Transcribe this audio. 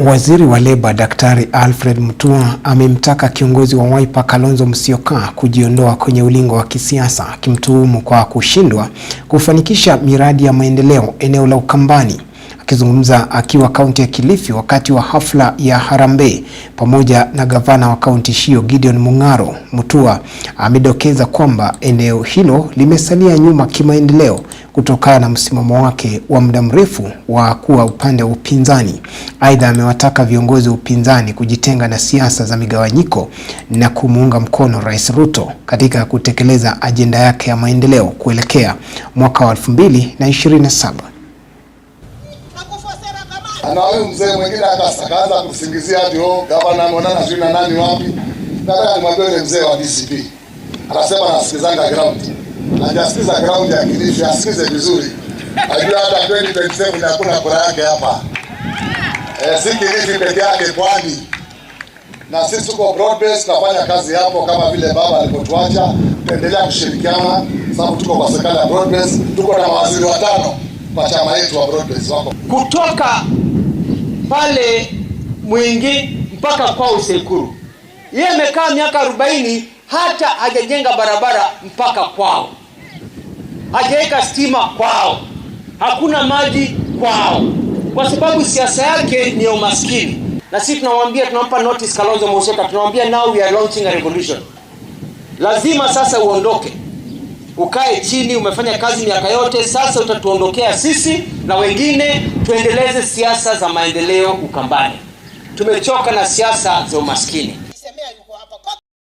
Waziri wa Leba Daktari Alfred Mutua amemtaka kiongozi wa Wiper Kalonzo Musyoka kujiondoa kwenye ulingo wa kisiasa akimtuhumu kwa kushindwa kufanikisha miradi ya maendeleo eneo la Ukambani. Akizungumza akiwa kaunti ya Kilifi wakati wa hafla ya harambee pamoja na gavana wa kaunti hiyo Gideon Mung'aro, Mutua amedokeza kwamba eneo hilo limesalia nyuma kimaendeleo kutokana na msimamo wake wa muda mrefu wa kuwa upande wa upinzani. Aidha, amewataka viongozi wa upinzani kujitenga na siasa za migawanyiko na kumuunga mkono Rais Ruto katika kutekeleza ajenda yake ya maendeleo kuelekea mwaka wa 2027. Na wewe mzee mwingine akaanza kusingizia ati oh, gavana ameonana sijui na nani wapi. Nataka nimwambie yule mzee wa DCP. Anasema anasikizanga ground. Hajasikiza ground ya Kilifi, asikize vizuri, ajua hata 2027 hakuna kura yake hapa. E, si Kilifi peke yake, kwani na sisi tuko broad base, tunafanya kazi hapo kama vile baba alipotuacha. Tuendelea kushirikiana sababu tuko kwa serikali ya broad base, tuko na mawaziri watano kwa chama yetu wa broad base wako kutoka pale Mwingi mpaka kwa Usekuru, yeye amekaa miaka arobaini hata hajajenga barabara mpaka kwao, hajaweka stima kwao, hakuna maji kwao, kwa sababu siasa yake ni ya umaskini. Na sisi tunamwambia, tunampa notice Kalonzo Musyoka, tunamwambia now we are launching a revolution. Lazima sasa uondoke, ukae chini, umefanya kazi miaka yote, sasa utatuondokea sisi na wengine, tuendeleze siasa za maendeleo Ukambani. Tumechoka na siasa za umaskini.